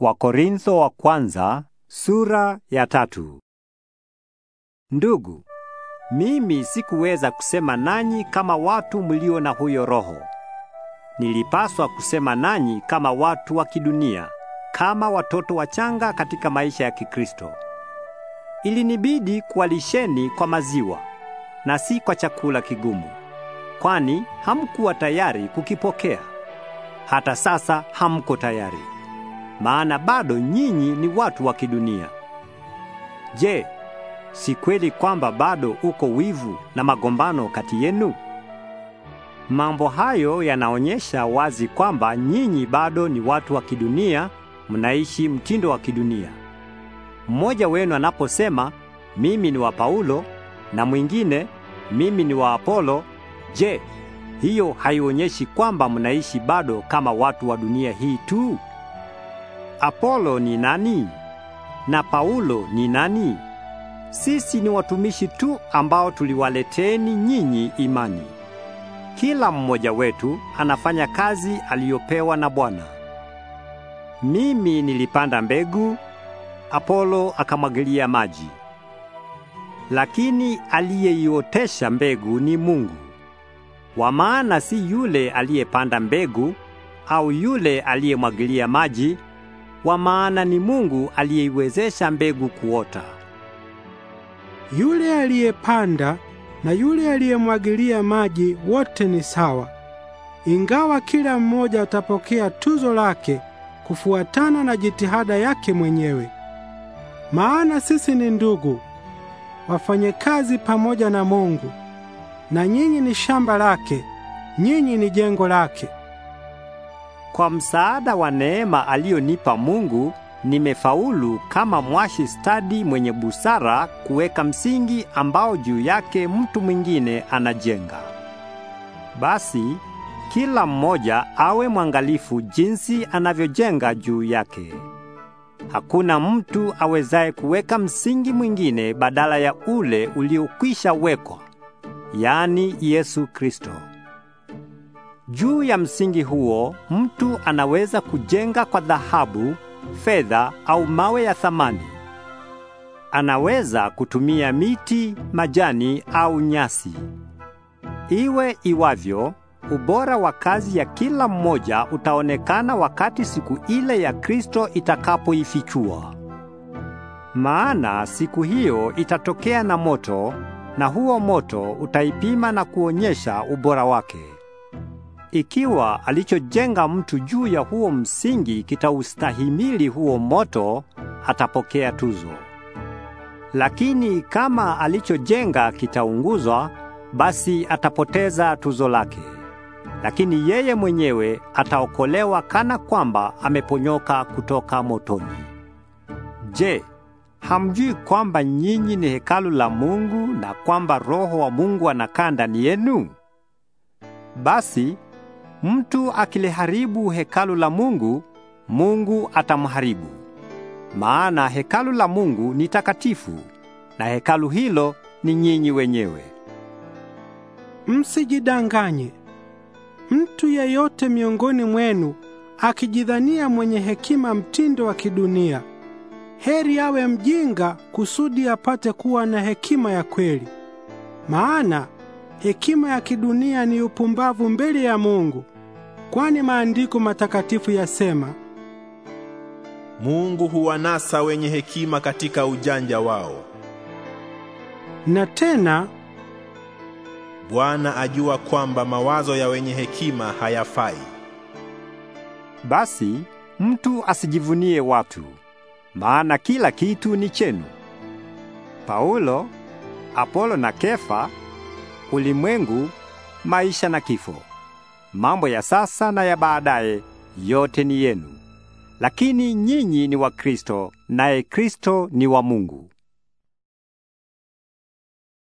Wakorintho wa kwanza sura ya tatu. Ndugu, mimi sikuweza kusema nanyi kama watu mlio na huyo roho. Nilipaswa kusema nanyi kama watu wa kidunia, kama watoto wachanga katika maisha ya Kikristo. Ilinibidi kuwalisheni kwa maziwa na si kwa chakula kigumu, kwani hamkuwa tayari kukipokea. Hata sasa hamko tayari maana bado nyinyi ni watu wa kidunia. Je, si kweli kwamba bado uko wivu na magombano kati yenu? Mambo hayo yanaonyesha wazi kwamba nyinyi bado ni watu wa kidunia, mnaishi mtindo wa kidunia. Mmoja wenu anaposema mimi ni wa Paulo na mwingine mimi ni wa Apolo, je, hiyo haionyeshi kwamba mnaishi bado kama watu wa dunia hii tu? Apolo ni nani na Paulo ni nani? Sisi ni watumishi tu ambao tuliwaleteni nyinyi imani. Kila mmoja wetu anafanya kazi aliyopewa na Bwana. Mimi nilipanda mbegu, Apolo akamwagilia maji. Lakini aliyeiotesha mbegu ni Mungu. Kwa maana si yule aliyepanda mbegu au yule aliyemwagilia maji kwa maana ni Mungu aliyeiwezesha mbegu kuota. Yule aliyepanda na yule aliyemwagilia maji wote ni sawa, ingawa kila mmoja atapokea tuzo lake kufuatana na jitihada yake mwenyewe. Maana sisi ni ndugu kazi pamoja na Mungu, na nyinyi ni shamba lake, nyinyi ni jengo lake. Kwa msaada wa neema aliyonipa Mungu, nimefaulu kama mwashi stadi mwenye busara kuweka msingi ambao juu yake mtu mwingine anajenga. Basi kila mmoja awe mwangalifu jinsi anavyojenga juu yake. Hakuna mtu awezaye kuweka msingi mwingine badala ya ule uliokwisha wekwa, yaani Yesu Kristo. Juu ya msingi huo, mtu anaweza kujenga kwa dhahabu, fedha au mawe ya thamani. Anaweza kutumia miti, majani au nyasi. Iwe iwavyo, ubora wa kazi ya kila mmoja utaonekana wakati siku ile ya Kristo itakapoifichua. Maana siku hiyo itatokea na moto, na huo moto utaipima na kuonyesha ubora wake ikiwa alichojenga mtu juu ya huo msingi kitaustahimili huo moto, atapokea tuzo. Lakini kama alichojenga kitaunguzwa, basi atapoteza tuzo lake. Lakini yeye mwenyewe ataokolewa kana kwamba ameponyoka kutoka motoni. Je, hamjui kwamba nyinyi ni hekalu la Mungu na kwamba Roho wa Mungu anakaa ndani yenu? Basi Mtu akiliharibu hekalu la Mungu, Mungu atamharibu. Maana hekalu la Mungu ni takatifu na hekalu hilo ni nyinyi wenyewe. Msijidanganye. Mtu yeyote miongoni mwenu akijidhania mwenye hekima mtindo wa kidunia, heri awe mjinga kusudi apate kuwa na hekima ya kweli. Maana hekima ya kidunia ni upumbavu mbele ya Mungu. Kwani maandiko matakatifu yasema, Mungu huwanasa wenye hekima katika ujanja wao. Na tena, Bwana ajua kwamba mawazo ya wenye hekima hayafai. Basi mtu asijivunie watu, maana kila kitu ni chenu. Paulo, Apolo na Kefa, ulimwengu, maisha na kifo mambo ya sasa na ya baadaye yote ni yenu. Lakini nyinyi ni wa Kristo, naye Kristo ni wa Mungu.